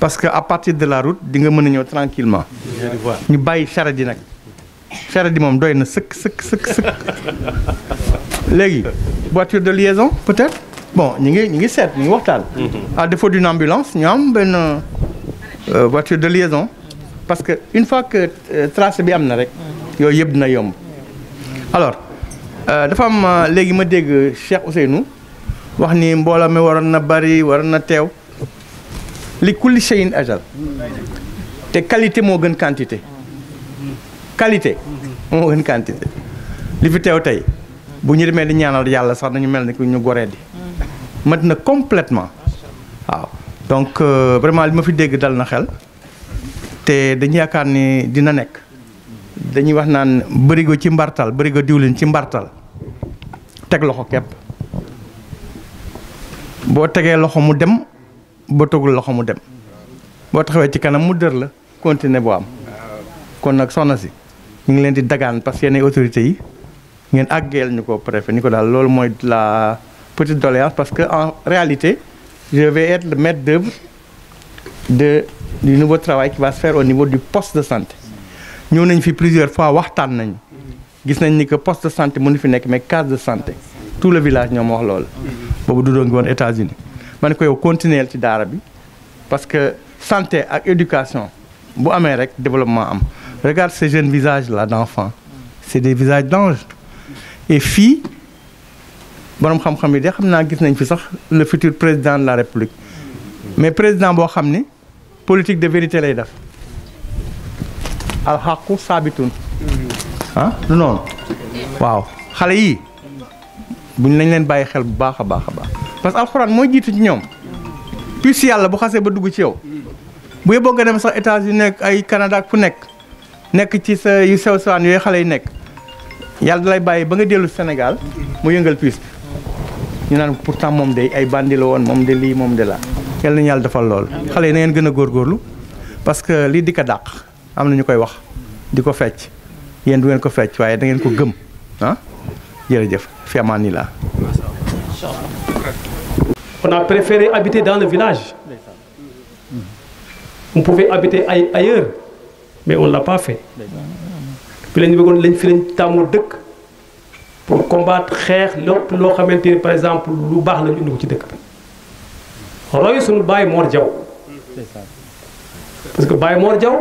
parce que partir de la route di nga tranquillement ñu voiture de liaison peut-être bon ñu ngi ñu mhm. à défaut d'une ambulance une euh, voiture de liaison parce que une fois que euh, tracé bi alors Euh, dafa am euh, léegi ma dégg Cheikh Ousseynou wax ni mbooloo mi waroon na bari waroon na teew li kulli shay'in ajal te qualité moo gën quantité qualité moo gën quantité li fi teew tey bu ñu demee di ñaanal yàlla sax dañu mel ni ku ñu goree di mat na completement waaw donc euh, vraiment li ma fi dégg dal na xel te dañu yaakaar ni dina nekk dañuy wax naan bërigo ci mbartal bërigo diwlin ci mbartal teg loxo kepp boo tegee loxo mu dem boo togul loxo mu dem boo taxawee ci kanam mu dër la continuer boo am kon nag soxna si ñu ngi leen di dagaan parce que yenn autorité yi ngeen àggeel ñu ko préfet ni ko daal loolu mooy la petite doléance parce que en réalité je vais être le maître d'œuvre de du nouveau travail qui va se faire au niveau du poste de santé nous avons fait plusieurs fois waxtan nañ gis nañ ni que poste de santé nous fi nek mais case de santé tout le village ñom wax lool bobu dudoo ngi woon États-Unis ma ko yow continuer ci dara bi parce que santé ak éducation bu amé rek développement am regarde ces jeunes visages là d'enfants c'est des visages d'anges et fi borom xam-xam yi de xam gis nañ fi sax le futur président de la république mais président bo xam la politique de vérité lay def alxaqu saabitun ah noonu waaw xale yii buñ nañ leen bàyyi xel bu baax a baax a baax parce que alxuraan mooy jiitu ci ñoom puis yàlla bu xasee ba dugg ci yow bu yeboo a dem sax États-Unis nekk ay Canada fu nekk nekk ci sa yu sew sewaan yooyu xale yi nekk yàlla dalay bàyyi ba nga dellu Sénégal mu yëngal puis ñu naan pourtant moom de ay bandi la woon moom de lii moom de la yàlla nañu yàlla defal lool xale yi na gën a góorgóorlu parce que lii di dàq am na ñu koy wax di ko fecc yéen du ngeen ko fecc waaye da ngeen ko gëm ah jërëjëf fi amaani laa on a préféré habiter dans le village on pouvait habiter ailleurs mais on l'a pas fait fi lañu bëggoon lañ fi lañ tàmmu dëkk pour combattre xeex lépp loo xamante ni par exemple lu baax la ñu indi ko ci dëkk bi roy suñu Baye Mor Diaw parce que Baye Mor Diaw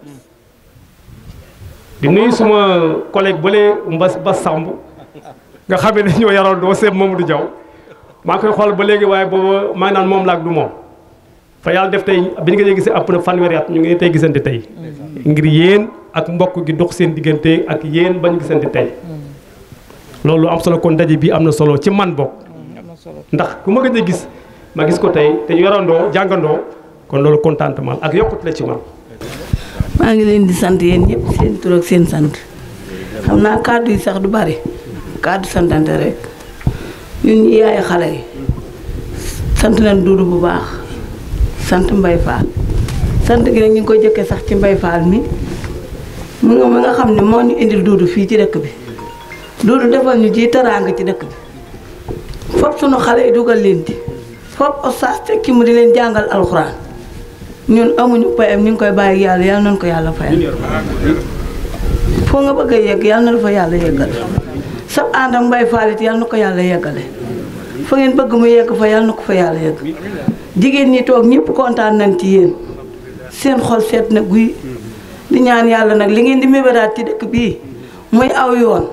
di nuyu suma collègue bële mbas Bass Samb nga xam ne ñoo yaroon doo seeb du Diaw maa koy xool ba léegi waaye booba maa ngi naan moom laak du moom fa yàlla def tey bi ñu ko gisee àpp na fanweeri ñu ngi tey gisante tey ngir yéen ak mbokk gi dox seen diggante ak yéen ba ñu gisante tey loolu am solo kon daje bii am na solo ci man bokk ndax ku ma gëj gis ma gis ko tey te yorandoo jàngandoo kon loolu contentement ak yokkut la ci man maa ngi leen di sant yéen ñëpp seen tur seen sant xam naa kàddu yi sax du bari kàddu santante rek ñun ñi yaay xale yi sant nañ Dudu bu baax sant Mbay Faal sant gi nag ñu ngi koy jëkkee sax ci Mbay Faal mi mu nga mi nga xam ne moo ñu indil Dudu fii ci dëkk bi Dudu defal ñu ci ci dëkk bi fop sunu xale yi dugal leen ci fop ostaas tekki mu di leen jàngal alxuraan ñun amuñu payam ñu ngi koy bàyyi yàlla yàlla nañu ko yàlla fayal foo nga bëgg a yegg yàlla na yàlla yeggal sax àndam mbay faalit na ko yàlla yeggale fa ngeen bëgg mu yegg fa yàlla na ko fa yàlla yegg jigéen ñi toog ñëpp kontaan nañ ci yéen seen xol seet na guy di ñaan yàlla nag li ngeen di mébéraat ci dëkk bii muy aw yoon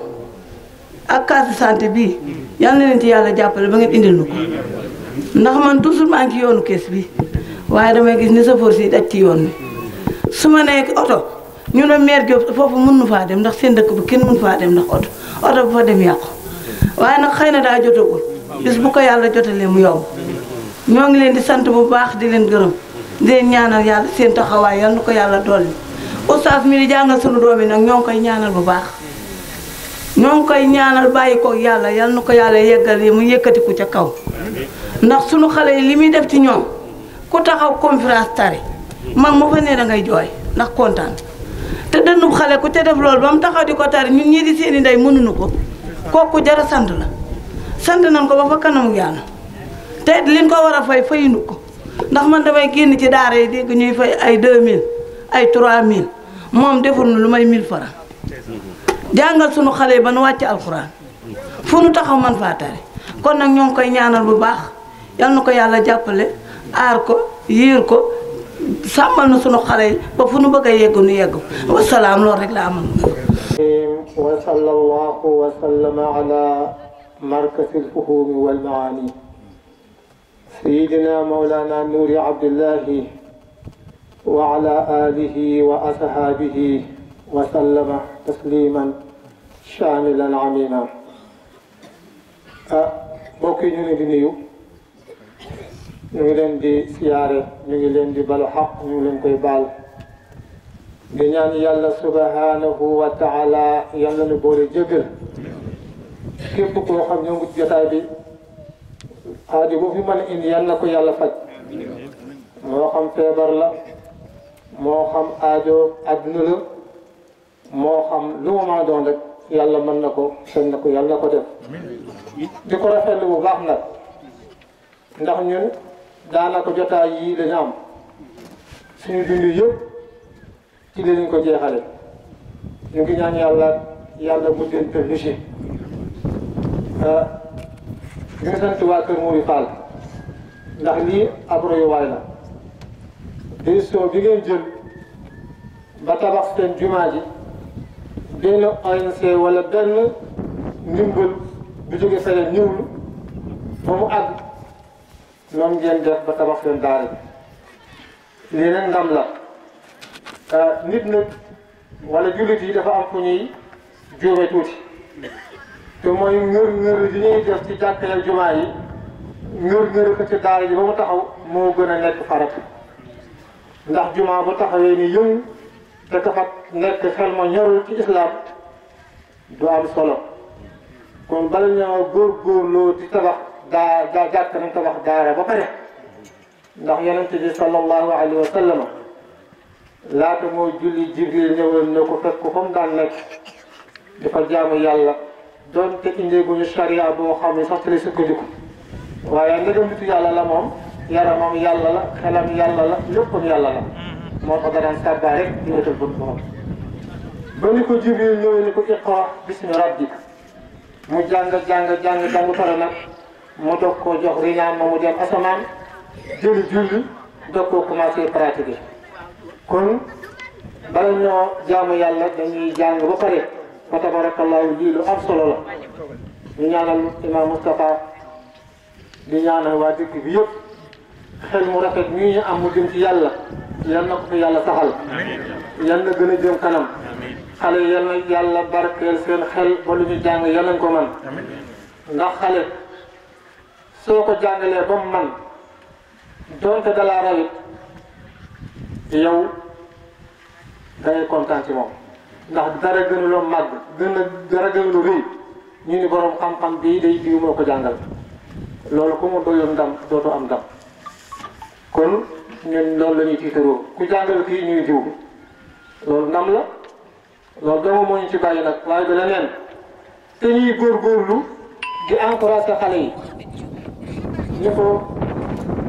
ak case de santé bii yàlla na leen ci yàlla jàppale ba ngeen indil nu ko ndax man toujours ci yoonu kees bi waaye damay gis ni sa si daj ci yoon bi su ma nekk oto ñu ne maire Diop foofu mënu faa dem ndax seen dëkk bu kenn mënu faa dem ndax oto oto bu fa dem yàqu waaye nag xëy na daa jotagul bis bu ko yàlla jotalee mu yomb ñoo ngi leen di sant bu baax di leen gërëm di ñaanal yàlla seen taxawaay yal na ko yàlla dolli ustaas mi di jàngal sunu doom yi nag ñoo koy ñaanal bu baax ñoo ngi koy ñaanal bàyyi ko yàlla yàlla na ko yàlla yeggal yi mu yëkkatiku ca kaw ndax sunu xale yi li muy def ci ñoom. ku taxaw conférence tari man mu fa nee da ngay jooy ndax kontaan te dënnu xale ku ca def loolu ba mu taxaw di ko tari ñun ñii di seen i ndey mënuñu ko kooku jara sant la sant nañ ko ba fa kanamu yàlla te liñ ko war a fay fayinu ko ndax man damay génn ci daara yi dégg ñuy fay ay 2000 ay 3000 moom deful nu lu may mil francs jàngal sunu xale yi ba nu wàcc alxuraan fu nu taxaw man faa tari kon nag ñoo ngi koy ñaanal bu baax yal na ko yàlla jàppale. aar ko yiir ko sàmmal na sunu xale yi ba fu nu bëgg a yeggu nu yeggu wasalaam loolu rek la amoon wa sallallahu wa sallama ala markazil fuhumi wal maani سيدنا مولانا نور عبد الله وعلى آله وأصحابه وسلم تسليما شاملا عميما بوكي نيو ñu ngi leen di siyaare ñu ngi leen di balu xaq ñu ngi leen koy baal di ñaan yàlla subhanahu wa taala yàlla nu boole jëggal képp koo xam ñoo ngi jotaay bi aajo boo fi mën a indi yàlla ko yàlla faj moo xam feebar la moo xam aajo adduna la moo xam lu mu maa doon rek yàlla mën na ko seen na ko yàlla ko def di ko rafetlu bu baax nag ndax ñun daanaka jotaay yii dañu am suñu dund yëpp ci li lañ ko jeexale ñu ngi ñaan yàlla yàlla mu leen privilégié euh, ñu ngi sant waa Kër Mouy Fall ndax lii ab royuwaay la décision bi ngeen jël ba tabax seen jumaa ji benn ONC wala benn ndimbal bu jóge feneen ñëwul ba mu àgg noonu ngeen def ba tabax seen daara bi lii ndam la euh, nit nag wala jullit yi dafa am fu ñuy juume tuuti te mooy ngër ngër yi ñuy def ci jàkkalee jumaa yi ngër ngër ko ci daara ji ba mu taxaw moo gën a nekk farat ndax jumaa bu taxawee ni yëngu te ka fa nekk xel ma ñorul ci islam du am solo kon bala ñoo góor góorloo di tabax daa daa jàkk nañ ko wax daara ba pare ndax yonent bi sallallahu alayhi wa sallam laata moo julli jibril ñëwoon na ko fekk fa mu daan di ko jaamu yàlla doon te indeeguñu charia boo xam ne sax ci lay sukkandiku waaye ndegam nitu yàlla la moom yaramam yàlla la xelam yàlla la léppam yàlla la moo tax da daan rek di wéetal bët ba ni ko jibril ñëwee ni ko iqra bismi rabbik mu jàng jàng jàng jàng tara nag mu doog koo jox riñaan moomu dem asamaan julli julli doog koo commencé pratiquer kon bala ñoo jaamu yàlla dañuy jàng ba pare fa tabarakallahu lii lu am solo la ñu ñaanal imam Moustapha di waa dëkk bi yëpp xel mu rafet ñii ñu am mu jëm ci yàlla yal yàlla saxal yal gën a jëm kanam xale yal na yàlla barkeel seen xel ba lu ñu jàng yal nañ ko man ndax xale soo ko jàngalee ba mu man doonte dalaa rawit yow dangay kontaan ci moom ndax dara gënu la màgg gën a dara gënu la ñu ni borom xam-xam bii day diw moo ko jàngal loolu ko mu doyoon ndam dootoo am ndam kon la ñuy tiitaroo ku jàngal kii ñuy diw ndam la loolu dama moo ci bàyyi nag waaye da leneen te ñuy góorgóorlu di encouragé xale yi ni ko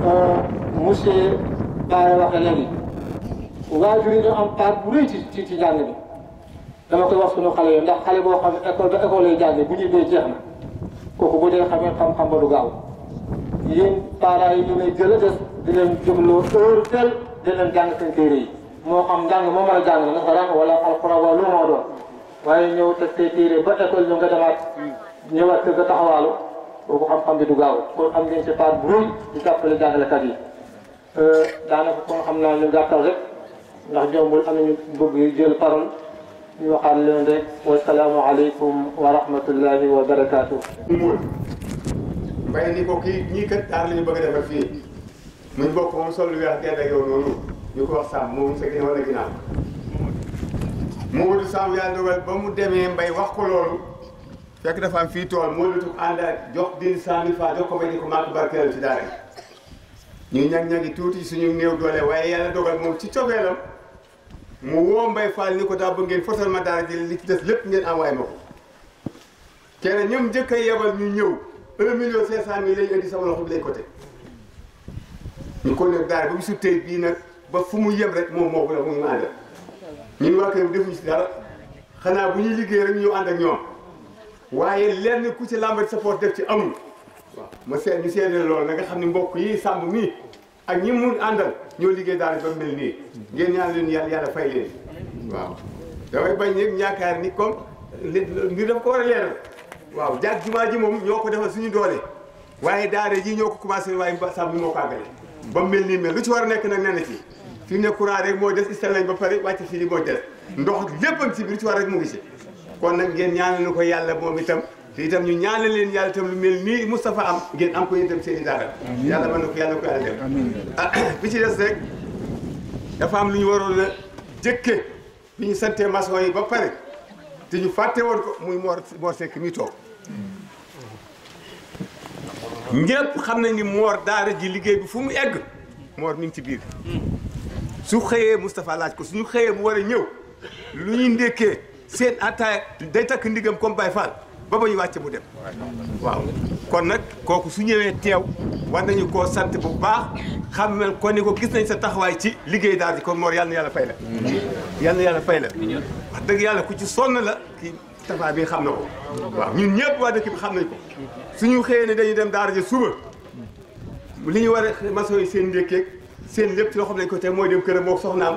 euh, monsieur Baara waxe léegi waajur yi ñu am part bu rëy ci ci jàng bi dama koy wax suñu xale yi ndax xale boo xam ne école ba école lay bu ñubbee jeex na kooku bu xam-xam ba du gaaw yéen yi ñu may jël a des di tel di seen téere yi moo xam njàng moo mën a jàng na nasaraan wala alxuraan wala lu moo doon waaye ñëw teg say téere ba école ñu nga demaat ñëwaat kër taxawaalu boobu xam-xam bi du gaaw kon am ngeen ci part bu rëy di jàppale jàngalekat yi euh, daanaka kon xam naa ñu gàttal rek ndax jombul am nañu bëgg jël parole ñu waxaat leen rek wasalaamu aleykum wa rahmatullahi wa barakaatu. muul bokk yi a defar fii muñ bokk moom sol lu weex gerte ak yow noonu ñu ko wax Samb moom sa ginnaaw wala ginnaaw Momadou yaa dogal ba mu demee mbay wax ko loolu. fekk defaa am fii tool moo lutuk ànd ak jox diin cent mille jox ko may di ko màgg barkeel ci daara ñu ñag-ñagi tuuti suñu néew doole waaye yàlla dogal moom ci cofeelam mu woo Mbay Fall ñu ko daa bëgg ngeen fotal ma daara li ci des lépp ngeen envoyé ma ko kenn njëkk a ñu ñëw un million cinq indi sama loxo bi lañ ko teg ñu bii nag ba fu mu yem rek moo ko defuñu si dara xanaa bu ñuy liggéey rek ñu ànd ak ñoom waaye lenn ku ci làmbari sa def ci amul waaw ma seet ñu seedeel lool na nga xam ne mbokk yi sàmm mii ak ñi mun àndal ñoo liggéey daal ba mel nii ngeen ñaan leen yàlla yàlla fay ñaakaar ni comme li daf ko war a leeral waaw ji moom ñoo ko defal suñu doole waaye daara ji ñoo ko commencé waaye sàmm moo ko àggale ba mel nii mel lu ci war a nekk nag nee na ci fi mu ne courant rek moo des installé lañ ba pare wàcc si li moo des ndox léppam ci biir lu ci war rek mu ngi si kon nag ngeen ñaanal ko yàlla moom itam te itam ñu ñaanal leen yàlla itam lu mel nii Moustapha am ngeen am ko itam seen i daara yàlla mën na ko yàlla ko yàlla def ah [COUGHS] bi ci des rek dafa am lu ñu waroon a jëkke bi ñu sante maçon yi ba pare te ñu fàtte woon ko muy Mor Mor Seck mi toog ñëpp xam nañ ni Mor daara ji liggéey bi fu mu egg Mor mi ngi ci biir hmm. su xëyee Moustapha laaj ko ñu xëyee mu war a ñëw lu ñuy ndékkee seen attaaya day takk ndigam comme Baye Fall ba ba ñu wàcc mu dem waaw kon nag kooku su ñëwee teew war nañu koo sant bu baax xamal ko ni ko gis nañ sa taxawaay ci liggéey daal di kon Mor yàlla yàlla fay la yàlla yàlla fay la wax dëgg yàlla ku ci sonn la ki tafa bi xam na ko waaw ñun ñëpp waa dëkk bi xam nañ ko ñu xëyee ne dañu dem daara ji suba li ñu war a maçon seen ndékkeeg seen lépp ci loo xam ko te mooy dem këram mook soxnaam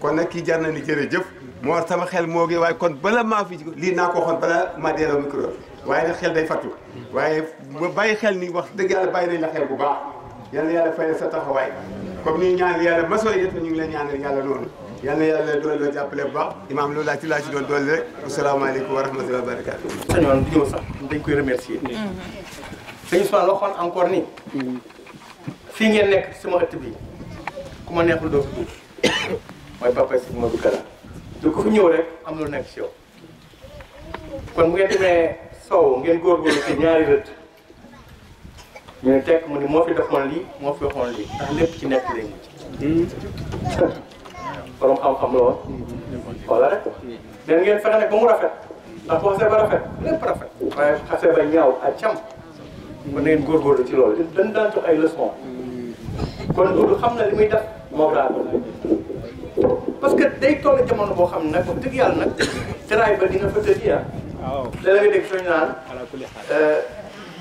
kon nag kii jar na ni jërëjëf moo war sama xel moo ngi waaye kon bala maa fi lii naa ko waxoon bala ma delloo micro waaye nag xel day fattu waaye ba bàyyi xel ni wax dëgg yàlla bàyyi nañ la xel bu baax yal na yàlla fayal sa taxawaay comme ni ñaan yàlla masoo yëpp ñu ngi la ñaanal yàlla noonu yal na yàlla doon la jàppale bu baax imaam loolu laa ci laa ci doon doole rek asalaamaaleykum wa rahmatulah wa barakaatu sañoon di ñëw sax dañ koy remercier mm-hmm. sëñ Ousmane waxoon encore ni mm-hmm. fii ngeen nekk sama ëtt bi ku ma neexul doo mooy papa si Modou Kala du ko ñëw rek am lu nekk si yow kon mu ngeen demee sow ngeen góorgóorlu ci ñaari rëdd ñu ne tekk mu ni moo fi defoon lii moo fi waxoon lii ndax lépp ci nekk lay mujj borom xam-xam la woon wala rek den ngeen mu rafet ndax boo xasee ba rafet lépp rafet ci loolu dañ daan jox ay leçon na li muy def moo daal parce que day toll jamono boo xam ne nag wax dëgg yàlla nag teraay ba dina fa tëddi ah. waaw da nga dégg suñu naan. Euh,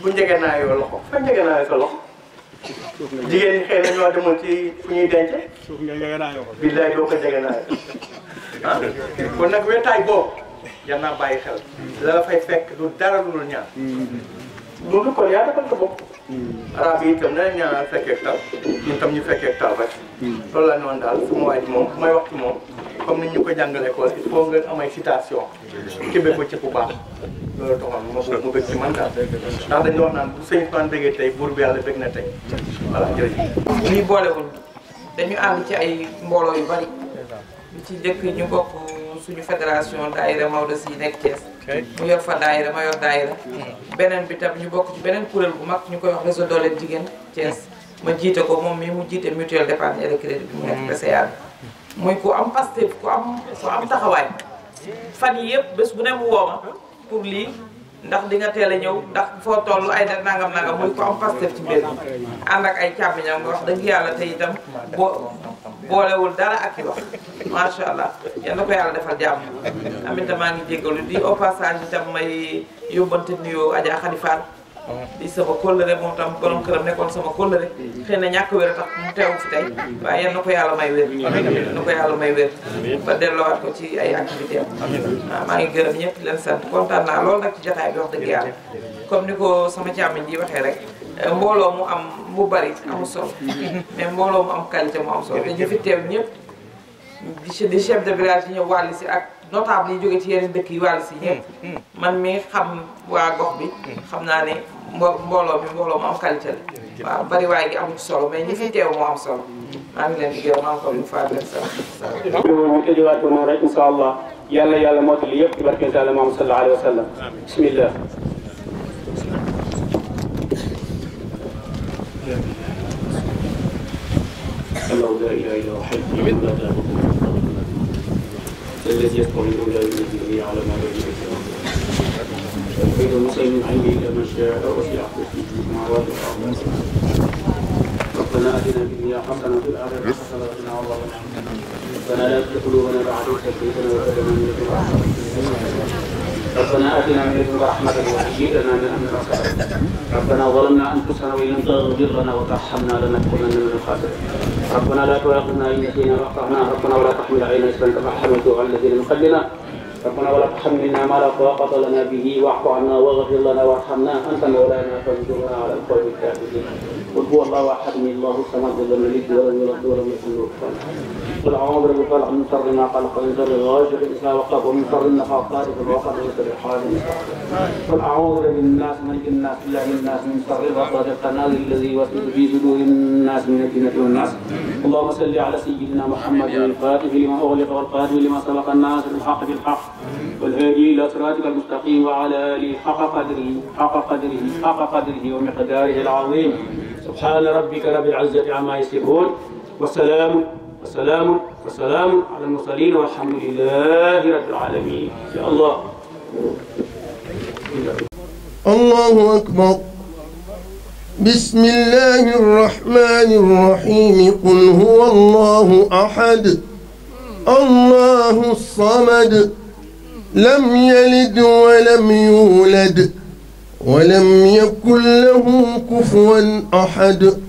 bu njëgee loxo fa njëgee sa loxo. jigéen ñi xëy na ñoo demoon ci fu ñuy denc. suuf nga njëgee billaay doo ko njëgee naa ah? kon nag wetaay boobu yal naa bàyyi xel. la la fay fekk du dara lu ñaan. Mm-hmm. loolu kon yaa defal sa bopp. Hmm. arab yi itam danañ ñaanal fekkeeg tal ñun tam ñu fekkeeg tal rek. Hmm. loolu la ñu doon daal su ma waaj moom bu may wax ci moom comme ni ñu ko jàngalee école il faut nga amay citation. kébe ko ci bu baax. loolu taxoon ma bëgg mu bëgg ci man daal ndax dañu wax naan bu sëñ Fane bëggee tey buur bi yàlla bëgg na tey voilà jërëjëf. ñuy dañu ànd ci ay mbooloo yu bari. lu ci dëkk ñu bokk. suñu fédération daayira Maodo si nekk Thiès mu yor fa daayira ma yor daayira beneen bi tam ñu bokk ci beneen kuréel bu mag ñu koy wax réseau dooleel jigéen Thiès ma jiite ko moom mii mu jiite mutuel d'épargne et de crédit bi mu nekk mm. PCA bi muy ku am Pastef ku am ku am taxawaay fan yi yëpp bés bu ne mu pour lii ndax di nga teel a ñëw ndax foo toll ay da nangam nangam muy ku am Pastef ci mbir mi ànd ak ay càmmiñam nga wax dëgg yàlla te itam boo boolewul dara ak ki wax macha allah yal na ko yàlla defal jàmm aminta maa ngi jéggalu di au passage itam may yóbbante nuyoo Adja Khalifa di sama kóllëre moom tam borom këram nekkoon sama kóllëre xëy na a tax mu teew fi tey waaye yal ko yàlla may wér yal na yàlla may wér ba delloowaat ko ci ay activité maa ngi gërëm ñëpp di leen sant kontaan naa loolu nag ci jotaay bi wax dëgg yàlla comme ni ko sama càmmiñ ji waxee rek mbooloo mu am mu bari amul solo mais mbooloo mu am qualité mu am solo te ñu fi teew ñëpp di chef de village yi ñëw wàll si ak notable yi jóge ci yeneen dëkk yi wàll si ñëpp man mi xam waa gox bi xam naa ne mbo mbooloo mi mbooloo mu am qualité la waaw bari waay gi amul solo mais ñi fi teew moo am solo maa ngi leen di gërëm encore une fois leen sant ñu tëjëwaat ko noonu rek incha allah yàlla yàlla mootali yëpp ci barke Yàlla Muhammad sallallahu alayhi wa sallam bismillah أنه لا إله إلا هو حي لا الذي يسمع من أولاد على ما بين غير المسلم من عينه إلى من شاء وسع كرسيه السماوات والأرض ربنا آتنا في الدنيا حسنة وفي الآخرة حسنة وقنا عذاب النار ربنا لا تزغ قلوبنا بعد إذ هديتنا وهب لنا من لدنك ربنا آتنا من لدنك رحمة وهيئ لنا من أمرنا ربنا ظلمنا أنفسنا وإن لم تغفر لنا وترحمنا لنكونن من الخاسرين ربنا لا تؤاخذنا إن نسينا وأخطأنا ربنا ولا تحمل علينا اسما كما حملت على الذين من قبلنا ربنا ولا تحملنا ما لا طاقة لنا به واعف عنا واغفر لنا وارحمنا أنت مولانا فانزلنا على القوم الكافرين قل هو الله احد الله الصمد لم يلد ولم يرد ولم يكن له كفوا قل اعوذ برب الفلق من شر ما خلق ومن شر غاسق اذا وقف ومن شر النفاثات في الوقت ومن شر حاسد قل اعوذ برب الناس ملك الناس اله الناس من شر الوسواس القناذ الذي يوسوس في صدور الناس من الجنه والناس اللهم صل على سيدنا محمد الفاتح لما اغلق والقادم لما سبق الناس بالحق بالحق والهادي الى صراطك المستقيم وعلى اله حق قدره حق قدره حق قدره ومقداره العظيم سبحان ربك رب العزة عما يصفون والسلام والسلام والسلام على المرسلين والحمد لله رب العالمين يا الله الله أكبر بسم الله الرحمن الرحيم قل هو الله أحد الله الصمد لم يلد ولم يولد ولم يكن له كفوا أحد